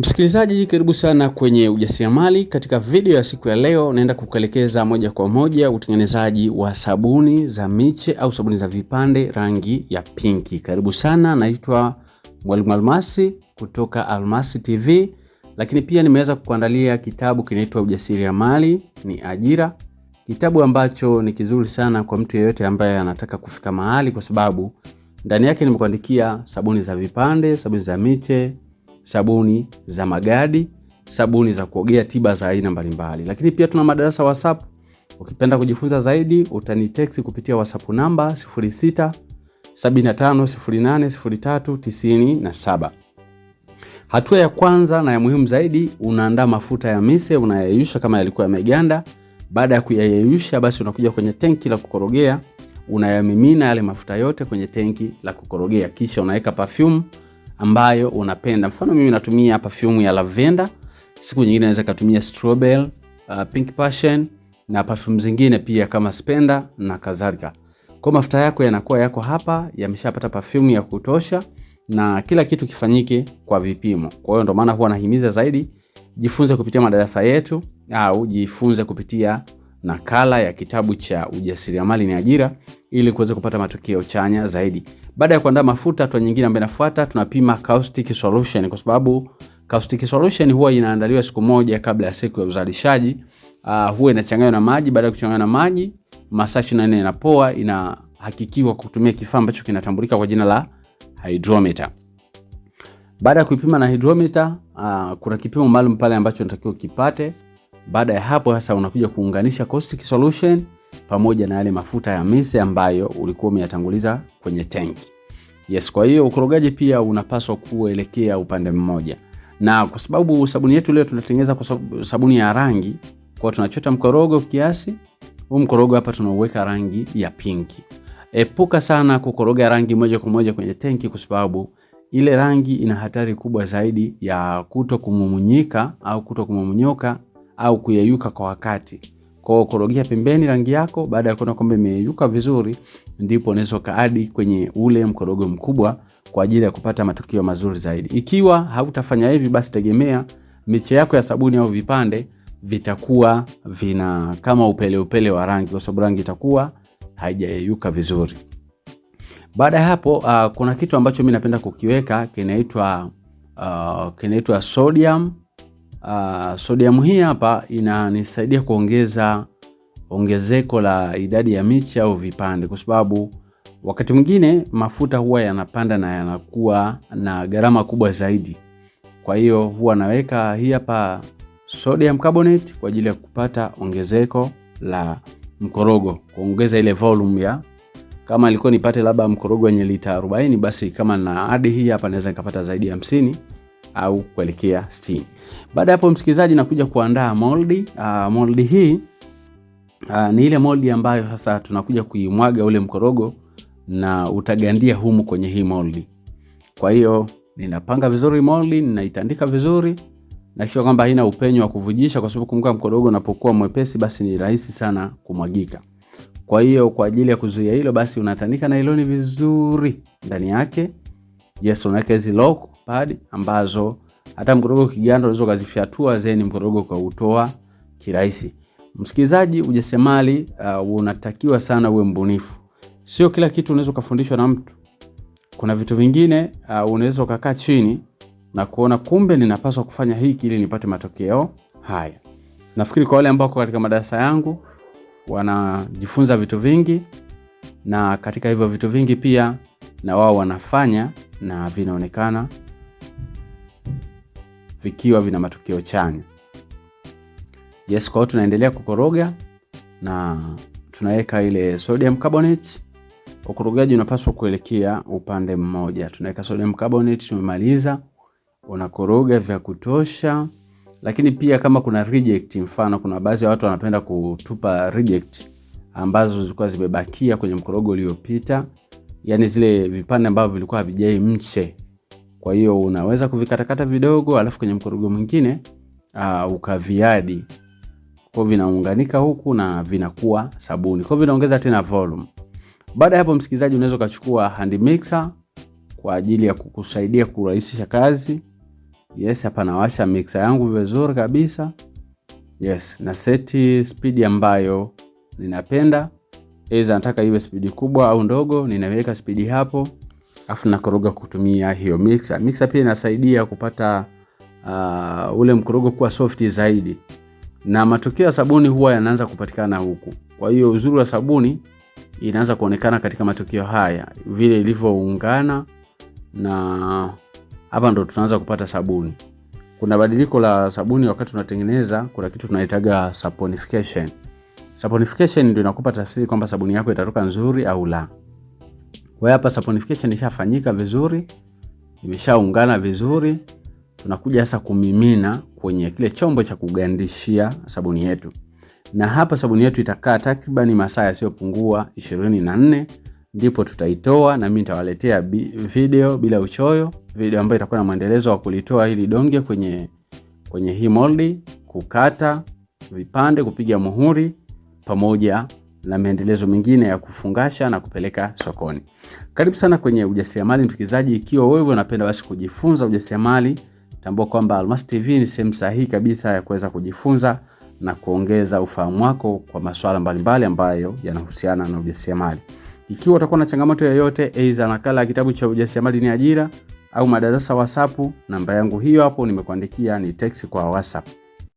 Msikilizaji, karibu sana kwenye ujasiriamali. Katika video ya siku ya leo, naenda kukuelekeza moja kwa moja utengenezaji wa sabuni za miche au sabuni za vipande rangi ya pinki. Karibu sana, naitwa Mwalimu Almasi kutoka Almasi TV, lakini pia nimeweza kukuandalia kitabu kinaitwa Ujasiriamali ni Ajira, kitabu ambacho ni kizuri sana kwa mtu yeyote ambaye anataka kufika mahali, kwa sababu ndani yake nimekuandikia sabuni za vipande, sabuni za miche sabuni za magadi, sabuni za kuogea, tiba za aina mbalimbali. Lakini pia tuna madarasa WhatsApp. Ukipenda kujifunza zaidi, utanitext kupitia WhatsApp namba 06 75 Hatua ya kwanza na ya muhimu zaidi, unaandaa mafuta ya mise, unayayusha kama yalikuwa yameganda. Baada ya kuyayayusha, basi unakuja kwenye tenki la kukorogea, unayamimina yale mafuta yote kwenye tenki la kukorogea, kisha unaweka perfume ambayo unapenda. Mfano mimi natumia perfume ya lavender, siku nyingine naweza kutumia strawberry, uh, pink passion na perfume zingine pia kama spender na kadhalika. Kwa mafuta yako yanakuwa yako hapa, yameshapata perfume ya kutosha na kila kitu kifanyike kwa vipimo. Kwa hiyo ndio maana huwa nahimiza zaidi jifunze kupitia madarasa yetu au jifunze kupitia nakala ya kitabu cha ujasiriamali ni ajira ili kuweza kupata matokeo chanya zaidi. Baada ya kuandaa mafuta, hatua nyingine ambayo inafuata tunapima caustic solution, kwa sababu caustic solution huwa inaandaliwa siku moja kabla ya siku ya uzalishaji. Uh, huwa inachanganywa na maji. Baada ya kuchanganywa na maji, masaa 24 inapoa, inahakikiwa kutumia kifaa ambacho kinatambulika kwa jina la hydrometer. Baada ya kuipima na hydrometer, uh, kuna kipimo maalum pale ambacho unatakiwa kipate baada ya hapo sasa unakuja kuunganisha caustic solution pamoja na yale mafuta ya mise ambayo ulikuwa umeyatanguliza kwenye tanki. Yes, kwa hiyo ukorogaji pia unapaswa kuelekea upande mmoja. Na kwa sababu sabuni yetu leo tunatengeneza kwa sabuni ya rangi, kwa tunachota mkorogo kiasi. Huu mkorogo hapa tunauweka rangi ya pinki. Epuka sana kukoroga rangi moja kwa moja kwenye tenki kwa sababu ile rangi ina hatari kubwa zaidi ya kuto kumumunyika au kuto kumumunyoka au kuyeyuka kwa wakati. Kwa hiyo korogea pembeni rangi yako, baada ya kuona kwamba imeyeyuka vizuri, ndipo unaweza kaadi kwenye ule mkorogo mkubwa kwa ajili ya kupata matokeo mazuri zaidi. Ikiwa hautafanya hivi, basi tegemea miche yako ya sabuni au vipande vitakuwa vina kama upele upele wa rangi, kwa sababu rangi itakuwa haijayeyuka vizuri. Baada ya hapo, uh, kuna kitu ambacho mimi napenda kukiweka kinaitwa uh, kinaitwa sodium Uh, ah, sodiamu hii hapa inanisaidia kuongeza ongezeko la idadi ya miche au vipande, kwa sababu wakati mwingine mafuta huwa yanapanda na yanakuwa na gharama kubwa zaidi. Kwa hiyo huwa naweka hii hapa sodium carbonate kwa ajili ya kupata ongezeko la mkorogo, kuongeza ile volume ya kama ilikuwa nipate labda mkorogo wenye lita 40 basi kama na adi hii hapa naweza nikapata zaidi ya au kuelekea 60. Baada ya hapo, msikilizaji, nakuja kuandaa moldi. Uh, moldi hii uh, ni ile moldi ambayo sasa tunakuja kuimwaga ule mkorogo na utagandia humu kwenye hii moldi. Kwa hiyo ninapanga vizuri moldi, ninaitandika vizuri na kisha kwamba haina upenyo wa kuvujisha, kwa sababu kumbuka, mkorogo unapokuwa mwepesi basi ni rahisi sana kumwagika. Kwa hiyo kwa ajili ya kuzuia hilo, basi unatandika nailoni vizuri ndani yake, yes, unaweka hizi lock pad ambazo hata mkorogo kiganja unaweza ukazifyatua zeni mkorogo kwa utoa kirahisi. Msikilizaji, ujasiriamali uh, unatakiwa sana uwe mbunifu. Sio kila kitu unaweza ukafundishwa na mtu. Kuna vitu vingine uh, unaweza ukakaa chini na kuona kumbe ninapaswa kufanya hiki ili nipate matokeo haya. Nafikiri kwa wale ambao wako katika madarasa yangu wanajifunza vitu vingi, na katika hivyo vitu vingi pia na wao wanafanya na vinaonekana vikiwa vina matokeo chanya. Yes, kwa hiyo tunaendelea kukoroga na tunaweka ile sodium carbonate. Ukorogaji unapaswa kuelekea upande mmoja. Tunaweka sodium carbonate, tumemaliza. Unakoroga vya kutosha, lakini pia kama kuna reject, mfano kuna baadhi ya watu wanapenda kutupa reject ambazo zilikuwa zimebakia kwenye mkorogo uliopita, yani zile vipande ambavyo vilikuwa havijai mche kwa hiyo unaweza kuvikatakata vidogo, alafu kwenye mkorogo mwingine uh, ukaviadi kwa vinaunganika huku na vinakuwa sabuni, kwa vinaongeza tena volume. Baada ya hapo, msikilizaji, unaweza ukachukua hand mixer kwa ajili ya kukusaidia kurahisisha kazi. Yes, hapa nawasha mixer yangu vizuri kabisa. Yes, na seti speed ambayo ninapenda, aidha nataka iwe spidi kubwa au ndogo, ninaweka spidi hapo afu nakoroga kutumia hiyo mixer. Mixer pia inasaidia kupata uh, ule mkorogo kuwa soft zaidi, na matokeo ya sabuni huwa yanaanza kupatikana huku. Kwa hiyo uzuri wa sabuni inaanza kuonekana katika matokeo haya vile ilivyoungana, na hapa ndo tunaanza kupata sabuni. Kuna badiliko la sabuni wakati tunatengeneza, kuna kitu tunaitaga saponification. Saponification ndio inakupa tafsiri kwamba sabuni yako itatoka nzuri au la. Kwa hiyo hapa saponification ishafanyika vizuri, imeshaungana vizuri. Tunakuja sasa kumimina kwenye kile chombo cha kugandishia sabuni yetu, na hapa sabuni yetu itakaa takribani masaa yasiyopungua 24 ndipo tutaitoa, na mimi nitawaletea video bila uchoyo, video ambayo itakuwa na mwendelezo wa kulitoa hili donge kwenye, kwenye hii moldi, kukata vipande, kupiga muhuri pamoja na maendelezo mengine ya kufungasha na kupeleka sokoni. Karibu sana kwenye ujasiriamali mtukizaji. Ikiwa wewe unapenda basi kujifunza ujasiriamali, tambua kwamba Almas TV ni sehemu sahihi kabisa ya kuweza kujifunza na kuongeza ufahamu wako kwa masuala mbalimbali ambayo yanahusiana na ujasiriamali. Ikiwa utakuwa na changamoto yoyote, aidha nakala ya kitabu cha ujasiriamali ni ajira au madarasa WhatsApp, namba yangu hiyo hapo nimekuandikia, ni text kwa WhatsApp.